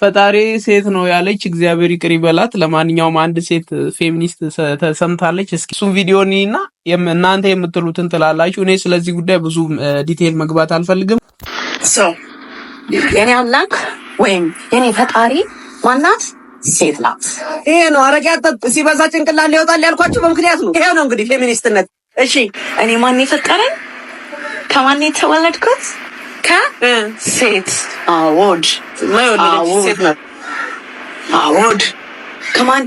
ፈጣሪ ሴት ነው ያለች እግዚአብሔር ይቅር ይበላት። ለማንኛውም አንድ ሴት ፌሚኒስት ተሰምታለች። እስኪ እሱን ቪዲዮ እኔና እናንተ የምትሉትን ትላላችሁ። እኔ ስለዚህ ጉዳይ ብዙ ዲቴል መግባት አልፈልግም። የኔ አምላክ ወይም የኔ ፈጣሪ ማናት? ሴት ናት። ይሄ ነው አረቄ ሲበዛ ጭንቅላት ሊወጣል ያልኳቸው በምክንያት ነው። ይሄ ነው እንግዲህ ፌሚኒስትነት። እሺ እኔ ማን የፈጠረኝ ከማን የተወለድኩት ከሴት አወድ አወድ ከማን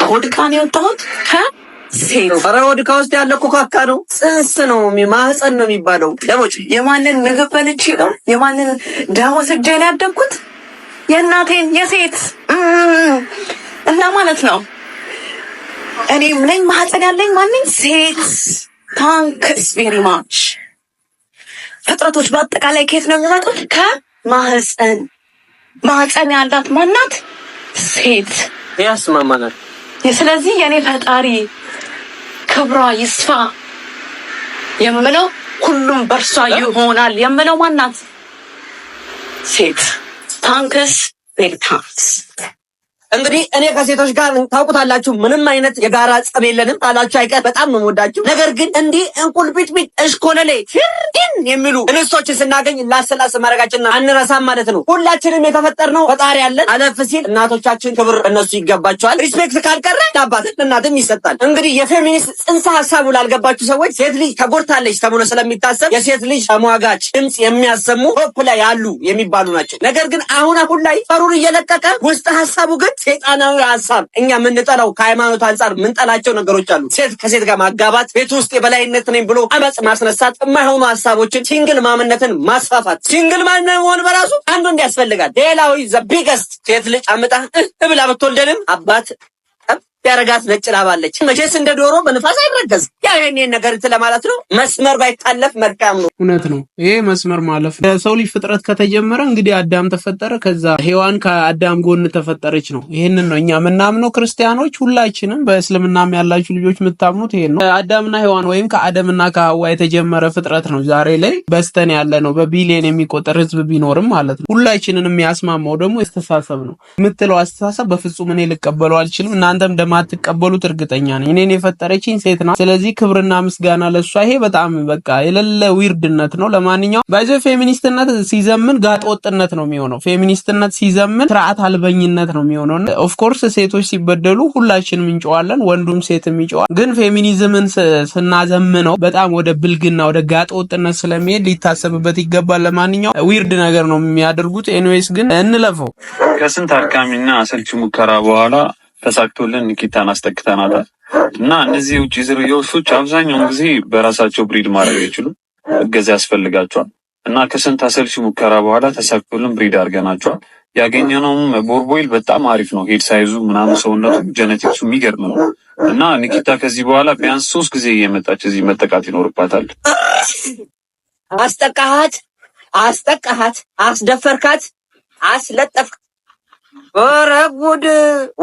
ከወድ ነው የወጣሁት ከሴት ኧረ ወድ ውስጥ ያለ ኮካካ ካካ ነው ጽንስ ነው ማህፀን ነው የሚባለው ደሞች የማንን ምግብ በልቼ ነው የማንን ደሞ ስጃን ያደግኩት የእናቴን የሴት እና ማለት ነው እኔ ነኝ ማህፀን ያለኝ ማንኝ ሴት ታንክስ ቬሪ ማች ፍጥረቶች በአጠቃላይ ከየት ነው የሚመጡት? ከማህፀን። ማህፀን ያላት ማናት? ሴት። ያስማማናል። ስለዚህ የእኔ ፈጣሪ ክብሯ ይስፋ የምለው ሁሉም በእርሷ ይሆናል የምለው ማናት? ሴት። ታንክስ ቤግ ታንክስ እንግዲህ እኔ ከሴቶች ጋር ታውቁታላችሁ፣ ምንም አይነት የጋራ ጸብ የለንም። ታላችሁ አይቀር በጣም ነው የምወዳችሁ። ነገር ግን እንዲህ ቢትቢት እሽኮለሌ ፊርዲን የሚሉ እንስቶችን ስናገኝ ላሰላስ ማድረጋችንና አንረሳም ማለት ነው። ሁላችንም የተፈጠርነው ፈጣሪ ያለን አለፍ ሲል እናቶቻችን ክብር እነሱ ይገባቸዋል። ሪስፔክት ካልቀረ ለአባት ለእናትም ይሰጣል። እንግዲህ የፌሚኒስት ጽንሰ ሀሳቡ ላልገባችሁ ሰዎች ሴት ልጅ ተጎድታለች ተብሎ ስለሚታሰብ የሴት ልጅ ተሟጋች ድምፅ የሚያሰሙ ቶፕ ላይ ያሉ የሚባሉ ናቸው። ነገር ግን አሁን አሁን ላይ ፈሩን እየለቀቀ ውስጥ ሀሳቡ ግን ሴጣናዊ ሀሳብ እኛ የምንጠላው ከሃይማኖት አንጻር የምንጠላቸው ነገሮች አሉ። ሴት ከሴት ጋር ማጋባት፣ ቤት ውስጥ የበላይነት ነኝ ብሎ አመፅ ማስነሳት፣ የማይሆኑ ሀሳቦችን ሲንግል ማምነትን ማስፋፋት። ሲንግል ማን መሆን በራሱ አንዱ እንዲያስፈልጋል። ሌላዊ ዘ ቢገስት ሴት ልጅ አምጣ እብላ ብትወልደንም አባት ያረጋት ነጭ ላባለች። መቼስ እንደ ዶሮ በንፋስ አይረገዝ። ያ ይህኔን ነገር ለማለት ነው። መስመር ባይታለፍ መልካም ነው። እውነት ነው። ይሄ መስመር ማለፍ ነው። የሰው ልጅ ፍጥረት ከተጀመረ እንግዲህ አዳም ተፈጠረ፣ ከዛ ሔዋን ከአዳም ጎን ተፈጠረች ነው። ይህንን ነው እኛ የምናምነው ክርስቲያኖች፣ ሁላችንም በእስልምናም ያላችሁ ልጆች የምታምኑት ይሄን ነው። አዳምና ሔዋን ወይም ከአደምና ከሐዋ የተጀመረ ፍጥረት ነው። ዛሬ ላይ በስተን ያለ ነው። በቢሊየን የሚቆጠር ህዝብ ቢኖርም ማለት ነው። ሁላችንን የሚያስማማው ደግሞ አስተሳሰብ ነው የምትለው አስተሳሰብ በፍጹም እኔ ልቀበለው አልችልም። እናንተም ደማ እንደማትቀበሉት እርግጠኛ ነኝ። እኔን የፈጠረችኝ ሴት ናት። ስለዚህ ክብርና ምስጋና ለሷ። ይሄ በጣም በቃ የሌለ ዊርድነት ነው። ለማንኛውም ባይዞ ፌሚኒስትነት ሲዘምን ጋጥ ወጥነት ነው የሚሆነው። ፌሚኒስትነት ሲዘምን ስርዓት አልበኝነት ነው የሚሆነው። ኦፍኮርስ ሴቶች ሲበደሉ ሁላችንም እንጨዋለን፣ ወንዱም ሴትም ይጨዋል። ግን ፌሚኒዝምን ስናዘምነው በጣም ወደ ብልግና ወደ ጋጥ ወጥነት ስለሚሄድ ሊታሰብበት ይገባል። ለማንኛውም ዊርድ ነገር ነው የሚያደርጉት። ኤኒዌይስ ግን እንለፈው ከስንት አድካሚና አሰልቺ ሙከራ በኋላ ተሳክቶልን ኒኪታን አስጠቅተናል። እና እነዚህ የውጭ ዝርያዎች አብዛኛውን ጊዜ በራሳቸው ብሪድ ማድረግ አይችሉ እገዛ ያስፈልጋቸዋል። እና ከስንት አሰልቺ ሙከራ በኋላ ተሳክቶልን ብሪድ አድርገናቸዋል። ያገኘነውም ቦርቦይል በጣም አሪፍ ነው። ሄድ ሳይዙ ምናምን ሰውነቱ ጀነቲክሱ የሚገርም ነው። እና ኒኪታ ከዚህ በኋላ ቢያንስ ሶስት ጊዜ እየመጣች እዚህ መጠቃት ይኖርባታል። አስጠቃሃት፣ አስጠቃሃት፣ አስደፈርካት፣ አስለጠፍ ኧረ ጉድ!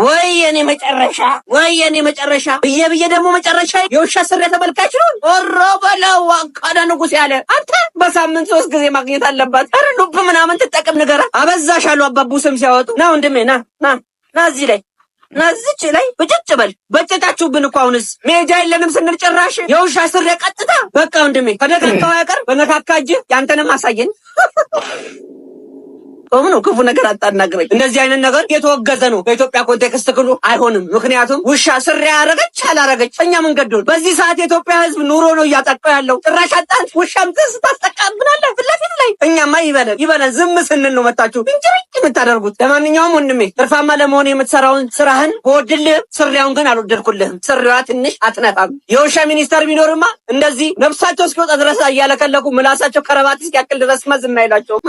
ወይ የኔ መጨረሻ፣ ወይ የኔ መጨረሻ ብዬ ብዬ ደግሞ መጨረሻ የውሻ ስር የተመልካች ነው። ኦሮ በለው አቃዳ ንጉስ ያለ አንተ በሳምንት ሶስት ጊዜ ማግኘት አለባት። ኧረ ዱብ ምናምን ትጠቅም ንገራ አበዛሽ አሉ አባቡ ስም ሲያወጡ። ና ወንድሜ ና ና ና እዚህ ላይ ናዝች ላይ ብጭጭ በል በጨጫችሁብን እኮ አሁንስ ሜጃ የለንም ስንል ጭራሽ የውሻ ስር ቀጥታ በቃ ወንድሜ ከደጋካው ያቀር በመካካ እጅ ያንተንም አሳየን። ጾም ነው። ክፉ ነገር አታናግረኝ። እንደዚህ አይነት ነገር የተወገዘ ነው። በኢትዮጵያ ኮንቴክስት ክሉ አይሆንም። ምክንያቱም ውሻ ስሪ ያረገች አላረገች እኛ መንገድ ነው። በዚህ ሰዓት የኢትዮጵያ ህዝብ ኑሮ ነው እያጠቀው ያለው። ጭራሽ አጣን ውሻም ጥስ ታስጠቃብናለህ ፊት ለፊት ላይ። እኛማ ይበለን ይበለን። ዝም ስንል ነው መታችሁ እንጭርጭ የምታደርጉት። ለማንኛውም ወንድሜ ትርፋማ ለመሆን የምትሰራውን ስራህን በወድልህም፣ ስሪያውን ግን አልወደድኩልህም። ስሪዋ ትንሽ አትነፋም። የውሻ ሚኒስተር ቢኖርማ እንደዚህ ነብሳቸው እስኪወጣ ድረስ እያለከለኩ ምላሳቸው ከረባት እስኪያክል ድረስ ማ ዝም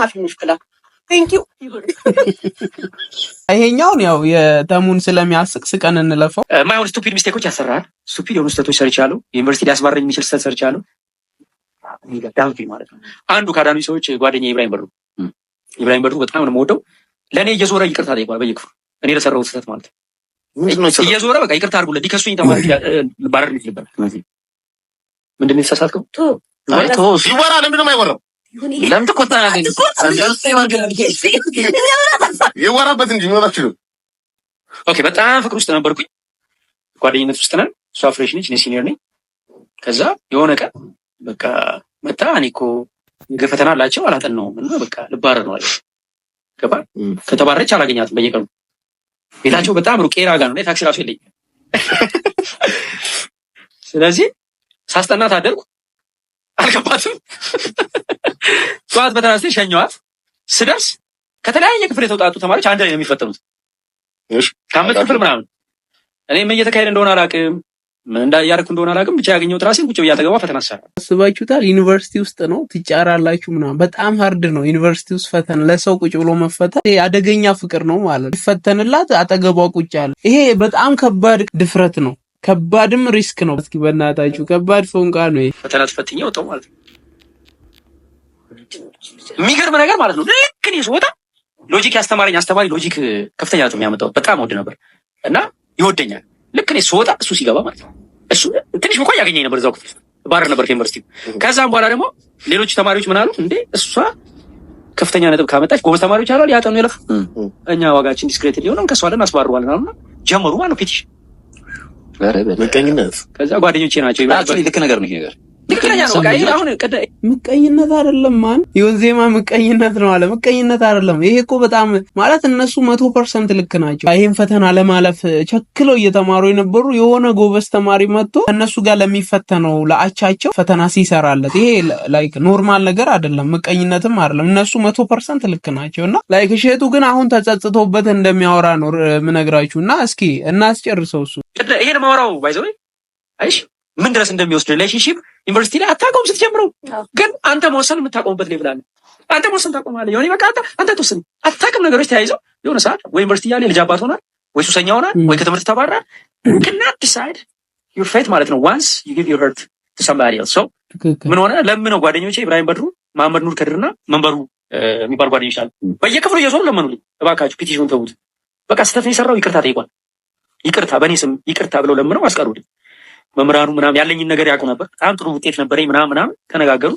አፊ ምሽክላ ቴንኪው። ይሄኛውን ያው የተሙን ስለሚያስቅ ስቀን እንለፈው። ማይሆን ስቱፒድ ሚስቴኮች ያሰራል። ስቱፒድ የሆኑ ስህተቶች ሰርቻለሁ። ዩኒቨርሲቲ ሊያስባረኝ የሚችል ስህተት ሰርቻለሁ። ዳንፊ ማለት ነው። አንዱ ከአዳኑ ሰዎች ጓደኛ ኢብራሂም በሩ፣ ኢብራሂም በሩ በጣም ነው የምወደው። ለእኔ እየዞረ ይቅርታ ጠይቋል በየክፍሉ እኔ ለሰራው ስህተት ማለት ነው። እየዞረ በቃ ይቅርታ አድርጉለት ሊከሱኝ ተማሪ ባረር ይችልበት ምንድን ነው የተሳሳትከው? ይወራ ለምንድነው አይወራም ለምን ትቆጣላለህ? ይወራበት እንጂ ኦኬ፣ በጣም ፍቅር ውስጥ ነበርኩኝ፣ ጓደኝነት ውስጥ ነን። እሷ ፍሬሽ ነች፣ እኔ ሲኒየር ነኝ። ከዛ የሆነ ቀን በቃ መጣ። እኔ እኮ ነገ ፈተና አላቸው እና በቃ ልባረር ነው አለች። ገባህ? ከተባረች አላገኛትም በየቀኑ ቤታቸው በጣም ሩቅ ቄራ ጋር ነው። ታክሲ ራሱ የለኝም። ስለዚህ ሳስጠናት አደርኩ አልገባትም። ጠዋት በተናስተ ሸኘኋት። ስደርስ ከተለያየ ክፍል የተውጣጡ ተማሪዎች አንድ ላይ ነው የሚፈተኑት። ከአምስት ክፍል ምናምን እኔ ምን እየተካሄደ እንደሆነ አላውቅም፣ ምን እንዳያደረኩ እንደሆነ አላውቅም። ብቻ ያገኘሁት ራሴን ቁጭ ብዬ አጠገቧ ፈተና ሰራ። አስባችሁታል? ዩኒቨርሲቲ ውስጥ ነው ትጫራላችሁ ምናምን። በጣም ሀርድ ነው ዩኒቨርሲቲ ውስጥ ፈተና። ለሰው ቁጭ ብሎ መፈተን አደገኛ ፍቅር ነው ማለት ይፈተንላት፣ አጠገቧ ቁጭ አለ። ይሄ በጣም ከባድ ድፍረት ነው፣ ከባድም ሪስክ ነው። እስኪ በእናታችሁ ከባድ ፎንቃ ነው ፈተና። ትፈትኛ ወጣው ማለት ነው የሚገርም ነገር ማለት ነው። ልክ እኔ ስወጣ ሎጂክ ያስተማረኝ አስተማሪ ሎጂክ ከፍተኛ ነው የሚያመጣው በጣም ወድ ነበር እና ይወደኛል። ልክ እኔ ስወጣ እሱ ሲገባ ማለት ነው። እሱ ትንሽ እንኳን ያገኘኝ ነበር እዛው ክፍል ባር ነበር ከዩኒቨርሲቲ። ከዛም በኋላ ደግሞ ሌሎች ተማሪዎች ምን አሉ እንዴ እሷ ከፍተኛ ነጥብ ካመጣች ጎበዝ ተማሪዎች አሏል ያጠኑ ይለፍ እኛ ዋጋችን ዲስክሬት ሊሆነም ከሷ ለን አስባርዋል ና ጀመሩ ማለት ነው ፔቲሽን፣ ምቀኝነት ከዛ ጓደኞቼ ናቸው ልክ ነገር ነው ይሄ ነገር ትክክለኛ ነው። ጋይ አሁን ቀደ ምቀኝነት አይደለም ማን ይሁን ዜማ ምቀኝነት ነው አለ ምቀኝነት አይደለም። ይሄ እኮ በጣም ማለት እነሱ መቶ ፐርሰንት ልክ ናቸው። ይሄን ፈተና ለማለፍ ቸክለው እየተማሩ የነበሩ የሆነ ጎበዝ ተማሪ መጥቶ ከእነሱ ጋር ለሚፈተነው ለአቻቸው ፈተና ሲሰራለት ይሄ ላይክ ኖርማል ነገር አይደለም፣ ምቀኝነትም አይደለም። እነሱ መቶ ፐርሰንት ልክ ናቸው እና ላይክ እሸቱ ግን አሁን ተጸጽቶበት እንደሚያወራ ነው ምነግራችሁ እና እስኪ እናስጨርሰው እሱ ይሄን ማውራው ባይዘ ምን ድረስ እንደሚወስድ ሪሌሽንሽፕ ዩኒቨርሲቲ ላይ አታውቀውም። ስትጀምረው ግን አንተ መወሰን የምታቆምበት ሌቭል አለ። አንተ መወሰን ታቆማለህ። የሆነ በቃ አንተ ትወስን። አታውቅም። ነገሮች ተያይዘው የሆነ ሰዓት ወይ ዩኒቨርሲቲ እያለ ልጅ አባት ሆናል፣ ወይ ሱሰኛ ሆናል፣ ወይ ከትምህርት ተባራል። ከናት ዲሳይድ ዩር ፌት ማለት ነው። ዋንስ ዩ ጊቭ ዩር ሄርት ቱ ሰምባዲ ኤልስ። ሰው ምን ሆነ ለምነው ጓደኞቼ ኢብራሂም በድሩ፣ መሐመድ ኑር ከድርና መንበሩ የሚባል ጓደኞች አሉ። በየክፍሉ እየዞሩ ለመኑልኝ፣ እባካችሁ ፒቲሽን ተዉት፣ በቃ ስህተትን የሰራው ይቅርታ ጠይቋል፣ ይቅርታ በእኔ ስም ይቅርታ ብለው ለምነው አስቀሩልኝ። መምህራኑ ምናምን ያለኝን ነገር ያውቁ ነበር። በጣም ጥሩ ውጤት ነበረኝ ምናምን ምናምን ተነጋገሩ።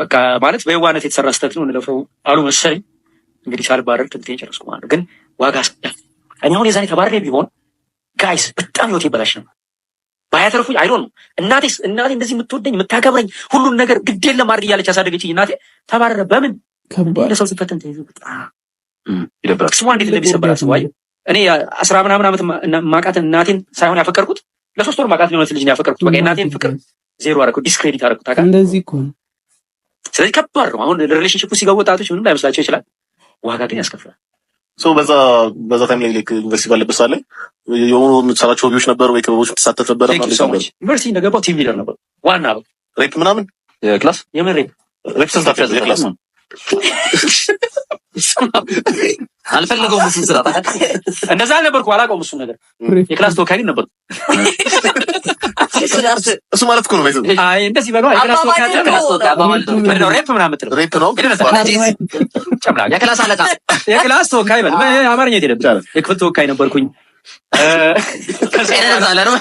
በቃ ማለት በየዋነት የተሰራ ስህተት ነው እንለፈው አሉ መሰለኝ። እንግዲህ ሳልባረር ትምህርቴን ጨረስኩ ማለት ነው። ግን ዋጋ ስዳ እኔ አሁን የዛኔ ተባረሬ ቢሆን ጋይስ በጣም ህይወት ይበላሽ ነበር። ባያተርፉ አይሮ ነው እናቴስ እናቴ እንደዚህ የምትወደኝ የምታከብረኝ ሁሉን ነገር ግዴለ ማድረግ እያለች ያሳደገችኝ እናቴ ተባረረ። በምን ለሰው ስፈተን ተይዞ ይደብራል። ስሟ እንዴት እንደሚሰበራት ስዋ እኔ አስራ ምናምን ዓመት ማቃትን እናቴን ሳይሆን ያፈቀርኩት ለሶስት ወር ማቃት ሊሆነት ልጅ ያፈቀርኩት በቃ የእናቴን ፍቅር ዜሮ አደረኩት፣ ዲስክሬዲት አደረኩት። አቃ እንደዚህ እኮ ነው። ስለዚህ ከባድ ነው። አሁን ሪሌሽንሽፕ ሲገቡ ወጣቶች ምንም ላይመስላቸው ይችላል፣ ዋጋ ግን ያስከፍላል። በዛ በዛ ታይም ላይ ዩኒቨርሲቲ ባለበት ሰዓት ላይ የሆኑ የምትሰራቸው ሆቢዎች ነበር ወይ ክበቦች የምትሳተፍ ነበረ? ዩኒቨርሲቲ እንደገባው ቲም ሊደር ነበር ዋና ሬፕ ምናምን ክላስ የምን ሬፕ ሬፕ ስልታፍ ያዘ ክላስ ነው አልፈለገውም። እሱን ስራ እንደዛ አልነበርኩም፣ አላውቀውም። እሱን ነገር የክላስ ተወካይ ግን ነበርኩ። እሱ ማለት እኮ ነው እንደዚህ በለው። የክላስ ተወካይ ነው። ክላስ ተወካይ ሬፕ ምናምን የምትለው ሬፕ ነው። ጨምራ የክላስ አለቃ፣ የክላስ ተወካይ በል። አማርኛ የክፍል ተወካይ ነበርኩኝ። ከዛ ነው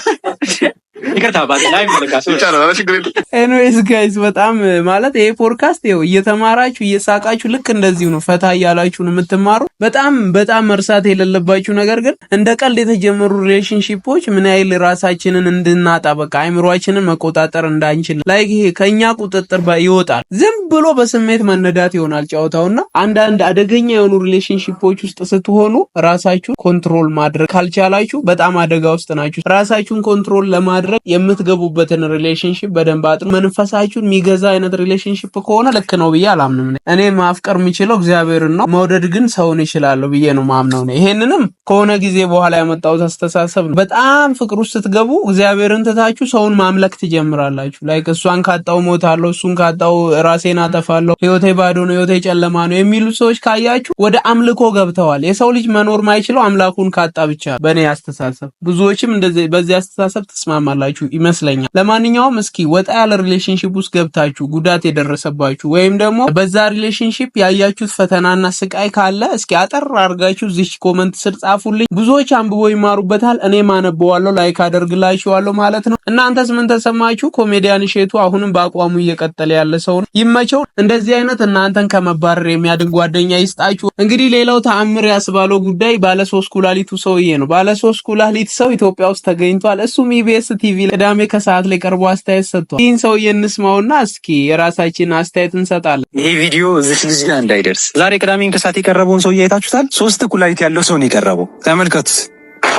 ኤኒዌይስ ጋይስ በጣም ማለት ይሄ ፖድካስት ይኸው እየተማራችሁ እየሳቃችሁ ልክ እንደዚሁ ነው ፈታ እያላችሁ ነው የምትማሩ። በጣም በጣም መርሳት የሌለባችሁ ነገር ግን እንደ ቀልድ የተጀመሩ ሪሌሽንሺፖች ምን ያህል ራሳችንን እንድናጣ በቃ አይምሯችንን መቆጣጠር እንዳንችል ላይ ይሄ ከእኛ ቁጥጥር ይወጣል። ዝም ብሎ በስሜት መነዳት ይሆናል ጨዋታውና አንዳንድ አደገኛ የሆኑ ሪሌሽንሺፖች ውስጥ ስትሆኑ ራሳችሁን ኮንትሮል ማድረግ ካልቻላችሁ በጣም አደጋ ውስጥ ናችሁ። ራሳችሁን ኮንትሮል ለማድረግ በማድረግ የምትገቡበትን ሪሌሽንሽፕ በደንብ አጥሩ። መንፈሳችሁን የሚገዛ አይነት ሪሌሽንሽፕ ከሆነ ልክ ነው ብዬ አላምንም። እኔ ማፍቀር የሚችለው እግዚአብሔርን ነው፣ መውደድ ግን ሰውን ይችላለሁ ብዬ ነው ማምነው። ይሄንንም ከሆነ ጊዜ በኋላ ያመጣሁት አስተሳሰብ ነው። በጣም ፍቅር ውስጥ ስትገቡ እግዚአብሔርን ትታችሁ ሰውን ማምለክ ትጀምራላችሁ። ላይክ እሷን ካጣው ሞታለሁ፣ እሱን ካጣው ራሴን አጠፋለሁ፣ ህይወቴ ባዶ ነው፣ ህይወቴ ጨለማ ነው የሚሉ ሰዎች ካያችሁ ወደ አምልኮ ገብተዋል። የሰው ልጅ መኖር ማይችለው አምላኩን ካጣ ብቻ በእኔ አስተሳሰብ ብዙዎችም እንደዚህ በዚህ አስተሳሰብ ተስማማል። ታውቃላችሁ ይመስለኛል። ለማንኛውም እስኪ ወጣ ያለ ሪሌሽንሺፕ ውስጥ ገብታችሁ ጉዳት የደረሰባችሁ ወይም ደግሞ በዛ ሪሌሽንሺፕ ያያችሁት ፈተናና ስቃይ ካለ እስኪ አጠር አድርጋችሁ ዚች ኮመንት ስር ጻፉልኝ። ብዙዎች አንብቦ ይማሩበታል። እኔም አነበዋለሁ፣ ላይክ አደርግላችኋለሁ ማለት ነው። እናንተስ ምን ተሰማችሁ? ኮሜዲያን እሸቱ አሁንም በአቋሙ እየቀጠለ ያለ ሰው ነው። ይመቸው። እንደዚህ አይነት እናንተን ከመባረር የሚያድን ጓደኛ ይስጣችሁ። እንግዲህ ሌላው ተአምር ያስባለው ጉዳይ ባለሶስት ኩላሊቱ ሰውዬ ነው። ባለሶስት ኩላሊት ሰው ኢትዮጵያ ውስጥ ተገኝቷል። እሱም ኢቢኤስ ቲቪ ቅዳሜ ከሰዓት ላይ ቀርቦ አስተያየት ሰጥቷል። ይህን ሰውዬ እንስማውና እስኪ የራሳችን አስተያየት እንሰጣለን። ይሄ ቪዲዮ እዚህ ልጅ ጋር እንዳይደርስ ዛሬ ቅዳሜን ከሰዓት የቀረበውን ሰውዬ አይታችሁታል። ሶስት ኩላሊት ያለው ሰው ነው የቀረበው። ተመልከቱት።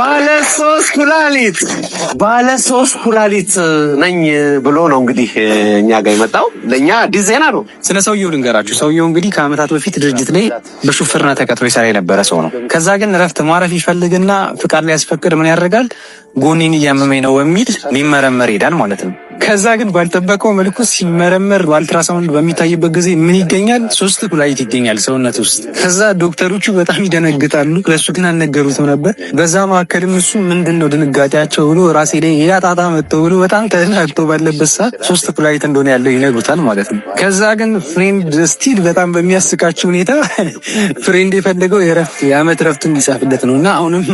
ባለ ሶስት ኩላሊት ባለ ሶስት ኩላሊት ነኝ ብሎ ነው እንግዲህ እኛ ጋር የመጣው። ለእኛ አዲስ ዜና ነው። ስለ ሰውየው ልንገራችሁ። ሰውየው እንግዲህ ከአመታት በፊት ድርጅት ላይ በሹፍርና ተቀጥሮ ይሰራ የነበረ ሰው ነው። ከዛ ግን እረፍት ማረፍ ይፈልግና ፍቃድ ላይ ያስፈቅድ ምን ያደርጋል ጎኔን እያመመኝ ነው በሚል ሊመረመር ይሄዳል ማለት ነው። ከዛ ግን ባልጠበቀው መልኩ ሲመረመር በአልትራሳውንድ በሚታይበት ጊዜ ምን ይገኛል? ሶስት ኩላሊት ይገኛል ሰውነት ውስጥ። ከዛ ዶክተሮቹ በጣም ይደነግጣሉ። ለእሱ ግን አልነገሩትም ነበር። በዛ መካከልም እሱ ምንድን ነው ድንጋጤያቸው ብሎ ራሴ ላይ ያጣጣ መጥተው ብሎ በጣም ተደናግጦ ባለበት ሰዓት ሶስት ኩላሊት እንደሆነ ያለው ይነግሩታል ማለት ነው። ከዛ ግን ፍሬንድ ስቲል በጣም በሚያስቃቸው ሁኔታ ፍሬንድ የፈለገው የረፍት የአመት ረፍቱን ሊጻፍለት ነው እና አሁንም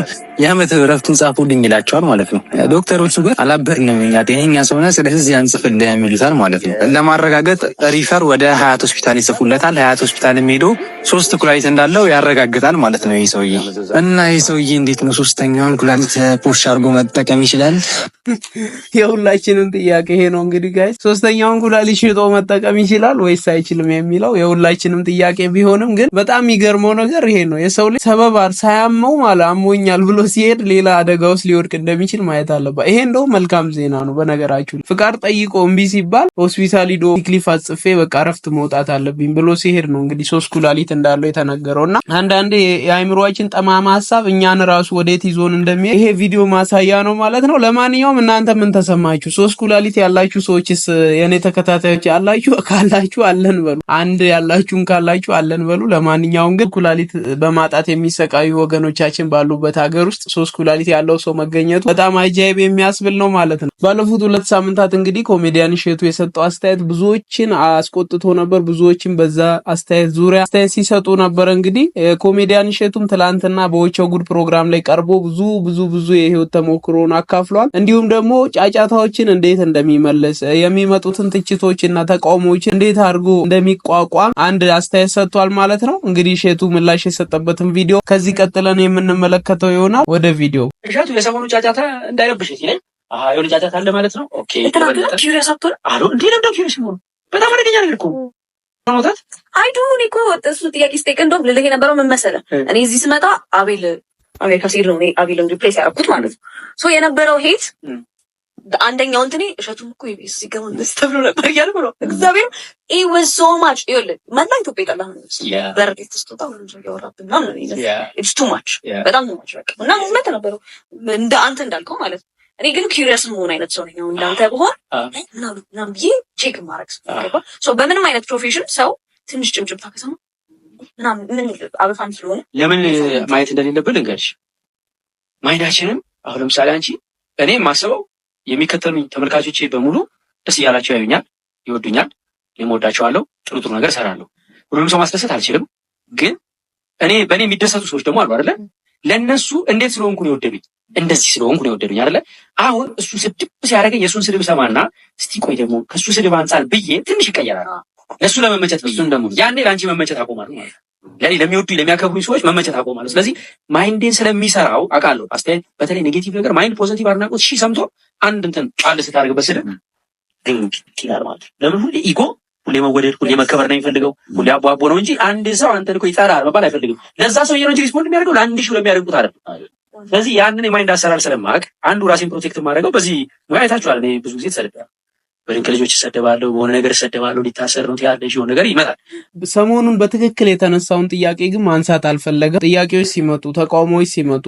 የአመት ረፍቱን ጻፉልኝ ይላቸዋል ማለት ነው። ዶክተሮቹ ግን አላበቅንም እኛ ጤነኛ ሰውነ ስለዚህ አንጽፍልህም እንደሚሉታል ማለት ነው። ለማረጋገጥ ሪፈር ወደ ሀያት ሆስፒታል ይጽፉለታል። ሀያት ሆስፒታል የሚሄዱ ሶስት ኩላሊት እንዳለው ያረጋግጣል ማለት ነው ይህ ሰውዬ እና ይህ ሰውዬ እንዴት ነው ሶስተኛውን ኩላሊት ፖሽ አድርጎ መጠቀም ይችላል? የሁላችንም ጥያቄ ይሄ ነው እንግዲህ ጋይ ሶስተኛውን ኩላሊት ሽጦ መጠቀም ይችላል ወይስ አይችልም የሚለው የሁላችንም ጥያቄ ቢሆንም ግን በጣም የሚገርመው ነገር ይሄ ነው የሰው ልጅ ሰበብ ሳያመው ማለት አሞኛል ብሎ ሲሄድ ሌላ አደጋ ውስጥ ሊወድቅ እንደ እንደሚችል ማየት አለባት። ይሄ እንደው መልካም ዜና ነው። በነገራችሁ ፍቃድ ጠይቆ እምቢ ሲባል ሆስፒታል ሂዶ ክሊፍ አጽፌ በቃ ረፍት መውጣት አለብኝ ብሎ ሲሄድ ነው እንግዲህ ሶስት ኩላሊት እንዳለው የተነገረው እና አንዳንዴ የአይምሮችን ጠማማ ሀሳብ እኛን ራሱ ወዴት ይዞን እንደሚሄድ ይሄ ቪዲዮ ማሳያ ነው ማለት ነው። ለማንኛውም እናንተ ምን ተሰማችሁ? ሶስት ኩላሊት ያላችሁ ሰዎችስ የእኔ ተከታታዮች ያላችሁ ካላችሁ አለን በሉ። አንድ ያላችሁን ካላችሁ አለን በሉ። ለማንኛውም ግን ኩላሊት በማጣት የሚሰቃዩ ወገኖቻችን ባሉበት ሀገር ውስጥ ሶስት ኩላሊት ያለው ሰው መገኘቱ በጣም አጃይብ የሚያስብል ነው ማለት ነው። ባለፉት ሁለት ሳምንታት እንግዲህ ኮሜዲያን እሸቱ የሰጠው አስተያየት ብዙዎችን አስቆጥቶ ነበር። ብዙዎችን በዛ አስተያየት ዙሪያ አስተያየት ሲሰጡ ነበር። እንግዲህ ኮሜዲያን እሸቱም ትላንትና በወቸው ጉድ ፕሮግራም ላይ ቀርቦ ብዙ ብዙ ብዙ የህይወት ተሞክሮን አካፍሏል። እንዲሁም ደግሞ ጫጫታዎችን እንዴት እንደሚመለስ የሚመጡትን ትችቶችና ተቃውሞዎችን እንዴት አድርጎ እንደሚቋቋም አንድ አስተያየት ሰጥቷል ማለት ነው። እንግዲህ እሸቱ ምላሽ የሰጠበትን ቪዲዮ ከዚህ ቀጥለን የምንመለከተው ይሆናል። ወደ ቪዲዮ እሸቱ የሰሞኑ ጫጫታ ጫጫታ እንዳይረብሽ ሲለኝ የሆነ ጫጫታ አለ ማለት ነው። ኦኬ በጣም አደገኛ ነገር እኮ ማውጣት አይዱ እኔ እኮ እሱ ጥያቄ ስጠይቅ እንደውም ልልህ የነበረው ምን መሰለህ፣ እኔ እዚህ ስመጣ አቤል አሜሪካ ሲሄድ ነው አቤል ሪፕሌስ ያደረኩት ማለት ነው። ሶ የነበረው ሄት አንደኛው እንትኔ እሸቱም እኮ ኢቢኤስ ሲገባ እንደዚህ ተብሎ ነበር እያልኩ ነው። እግዚአብሔር ኢ ኢወዝ ሶ ማች ይኸውልህ፣ መላ ኢትዮጵያ ይጠላ በረዴት ስትወጣ ሁሉም ሰው እያወራብን ምናምን ቱ ማች በጣም ቱ ማች በቃ እና ሙመት ነበረው እንደ አንተ እንዳልከው ማለት ነው። እኔ ግን ኪሪየስ መሆን አይነት ሰው ነኝ። እንዳንተ ah. ብሆን ah. ምናምን ብዬ ቼክ ማድረግ ሰው ah. በምንም አይነት ፕሮፌሽን ሰው ትንሽ ጭምጭምታ ከሰማ ምናምን ምን አበፋም ስለሆነ ለምን ማየት እንደሌለብን ልንገርሽ ማይንዳችንም አሁን ለምሳሌ አንቺ እኔ የማስበው የሚከተሉኝ ተመልካቾቼ በሙሉ ደስ እያላቸው ያዩኛል፣ ይወዱኛል፣ የምወዳቸዋለሁ። ጥሩ ጥሩ ነገር እሰራለሁ። ሁሉም ሰው ማስደሰት አልችልም፣ ግን እኔ በእኔ የሚደሰቱ ሰዎች ደግሞ አሉ አይደለ? ለእነሱ እንዴት ስለሆንኩ ነው የወደዱኝ፣ እንደዚህ ስለሆንኩ ነው የወደዱኝ አይደለ? አሁን እሱ ስድብ ሲያደርገኝ የእሱን ስድብ ሰማና እስቲ ቆይ ደግሞ ከእሱ ስድብ አንጻር ብዬ ትንሽ ይቀየራል፣ ለእሱ ለመመቸት እሱን ደግሞ ያኔ ለአንቺ መመቸት አቆማሉ ማለት ለኔ ለሚወዱ ለሚያከብሩ ሰዎች መመቸት አቆማለሁ። ስለዚህ ማይንዴን ስለሚሰራው አውቃለሁ። አስተያየት በተለይ ኔጌቲቭ ነገር ማይንድ ፖዘቲቭ አድናቆት ሺህ ሰምቶ አንድ እንትን ጣል ስታደርግ በስል ይላል ማለት ለምን ሁሌ ኢጎ ሁሌ መወደድ ሁሌ መከበር ነው የሚፈልገው ሁሌ አቦ አቦ ነው እንጂ አንድ ሰው አንተን እኮ ይጠራል መባል አይፈልግም። ለዛ ሰው የነጂ ሪስፖንድ የሚያደርገው ለአንድ ሺህ ለሚያደርጉት አይደል። ስለዚህ ያንን የማይንድ አሰራር ስለማቅ አንዱ ራሴን ፕሮቴክት የማደርገው በዚህ ሙያ አይታችኋል። ብዙ ጊዜ ተሰልቤያለሁ። በድንቅ ልጆች ይሰደባለሁ፣ በሆነ ነገር ይሰደባለሁ፣ ሊታሰር ነው ትያለሽ፣ የሆነ ነገር ይመጣል። ሰሞኑን በትክክል የተነሳውን ጥያቄ ግን ማንሳት አልፈለገም። ጥያቄዎች ሲመጡ፣ ተቃውሞዎች ሲመጡ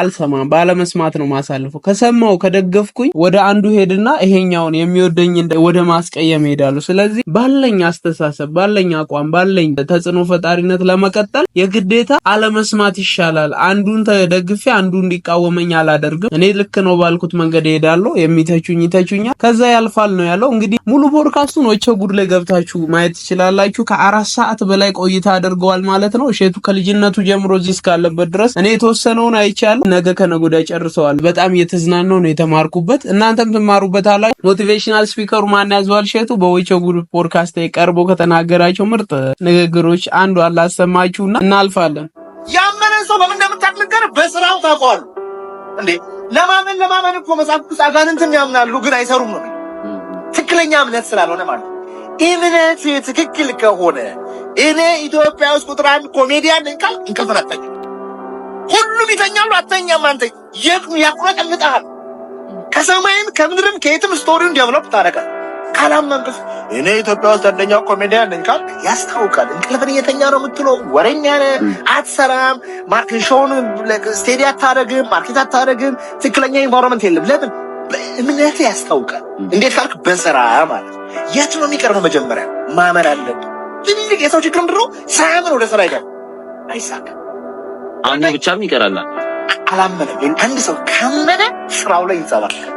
አልሰማም፣ ባለመስማት ነው ማሳልፈው። ከሰማው ከደገፍኩኝ ወደ አንዱ ሄድና ይሄኛውን የሚወደኝ ወደ ማስቀየም ሄዳሉ። ስለዚህ ባለኝ አስተሳሰብ፣ ባለኝ አቋም፣ ባለኝ ተጽዕኖ ፈጣሪነት ለመቀጠል የግዴታ አለመስማት ይሻላል። አንዱን ተደግፌ አንዱ እንዲቃወመኝ አላደርግም። እኔ ልክ ነው ባልኩት መንገድ ሄዳለሁ። የሚተቹኝ ይተቹኛል፣ ከዛ ያልፋል ነው ያለው። እንግዲህ ሙሉ ፖድካስቱን ወቸ ጉድ ላይ ገብታችሁ ማየት ትችላላችሁ። ከአራት ሰዓት በላይ ቆይታ አድርገዋል ማለት ነው። እሸቱ ከልጅነቱ ጀምሮ እዚህ እስካለበት ድረስ እኔ የተወሰነውን አይቻለሁ። ነገ ከነጎዳ ጨርሰዋል። በጣም እየተዝናናው ነው የተማርኩበት። እናንተም ትማሩበት አላ ሞቲቬሽናል ስፒከሩ ማን ያዘዋል? እሸቱ በወቸ ጉድ ፖድካስት ቀርቦ ከተናገራቸው ምርጥ ንግግሮች አንዱ አላሰማችሁና እናልፋለን። ያመነን ሰው በምን እንደምታክልገር በስራው ታውቀዋል እንዴ ለማመን ለማመን እኮ መጽሐፍ ቅዱስ አጋንንትን ያምናሉ ግን አይሰሩም ነው ትክክለኛ እምነት ስላልሆነ ማለት ነው። እምነት ትክክል ከሆነ እኔ ኢትዮጵያ ውስጥ ቁጥር አንድ ኮሜዲያን እንካል እንቅልፍን አትተኛም። ሁሉም ይተኛሉ፣ አትተኛም። አንተ ያቁረቀልጣል። ከሰማይም ከምድርም ከየትም ስቶሪውን ዴቨሎፕ ታደርጋለህ። ካላመንክስ እኔ ኢትዮጵያ ውስጥ አንደኛው ኮሜዲያን እንካል ካልክ ያስታውቃል። እንቅልፍን እየተኛ ነው የምትለው፣ ወሬኛ ነህ፣ አትሰራም፣ ማርኬት ሾውን ስቴዲ አታደርግም፣ ማርኬት አታደርግም፣ ትክክለኛ ኢንቫይሮንመንት የለም። ለምን በእምነት ያስታውቃል። እንዴት ካልክ በስራ ማለት ነው። የት ነው የሚቀርበው? መጀመሪያ ማመን አለብን። ትልቅ የሰው ችግር ምድሮ ሳያምን ወደ ስራ ይገባ አይሳካም። አንዱ ብቻም ይቀራል። አላመነም አንድ ሰው ካመነ ስራው ላይ ይንጸባረቃል።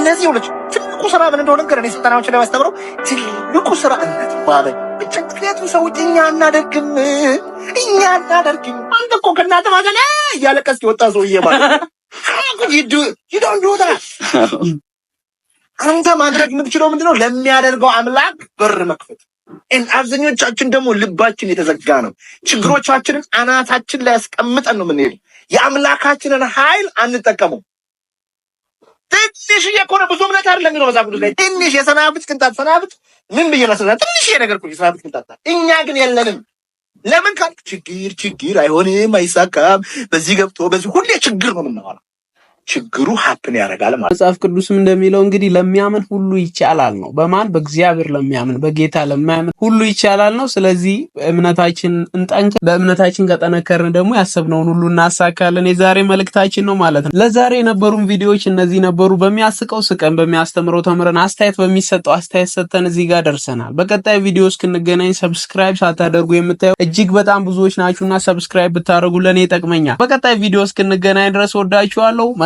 እነዚህ ሁለቱ ትልቁ ስራ ምን እንደሆነ ነገር እኔ ስልጠናዎች ላይ ማስተምረው ትልቁ ስራ እምነት ማመን ብቻ። ምክንያቱም ሰዎች እኛ እናደርግም እኛ እናደርግም አንተ እኮ ከእናተ ማዘን እያለቀስ ወጣ ሰውዬ ማለት ዩ ዶንት ዱ ዳት። አንተ ማድረግ የምትችለው ምንድነው? ለሚያደርገው አምላክ በር መክፈት። አብዛኞቻችን ደግሞ ልባችን የተዘጋ ነው። ችግሮቻችንን አናታችን ላይ ያስቀምጠን ነው የምንሄደው። የአምላካችንን ኃይል አንጠቀመው። ትንሽ እየኮነ ብዙ እምነት አይደለም የሚለው መጽሐፍ ቅዱስ ላይ ትንሽ የሰናፍጭ ቅንጣት ሰናፍጭ ምን ብዬ ላስላ ትንሽ ነገር ኩኝ ሰናፍጭ ቅንጣት። እኛ ግን የለንም። ለምን ካልክ ችግር ችግር አይሆንም፣ አይሳካም፣ በዚህ ገብቶ በዚህ ሁሌ ችግር ነው የምናወራው። ችግሩ ሀፕን ያደርጋል ማለት መጽሐፍ ቅዱስም እንደሚለው እንግዲህ ለሚያምን ሁሉ ይቻላል ነው። በማን በእግዚአብሔር ለሚያምን በጌታ ለሚያምን ሁሉ ይቻላል ነው። ስለዚህ እምነታችን እንጠንክር። በእምነታችን ከጠነከርን ደግሞ ያሰብነውን ሁሉ እናሳካለን። የዛሬ መልእክታችን ነው ማለት ነው። ለዛሬ የነበሩን ቪዲዮዎች እነዚህ ነበሩ። በሚያስቀው ስቀን፣ በሚያስተምረው ተምረን፣ አስተያየት በሚሰጠው አስተያየት ሰጥተን እዚህ ጋር ደርሰናል። በቀጣይ ቪዲዮ እስክንገናኝ ሰብስክራይብ ሳታደርጉ የምታየው እጅግ በጣም ብዙዎች ናችሁና ሰብስክራይብ ብታደርጉ ለእኔ ይጠቅመኛል። በቀጣይ ቪዲዮ እስክንገናኝ ድረስ ወዳችኋለሁ።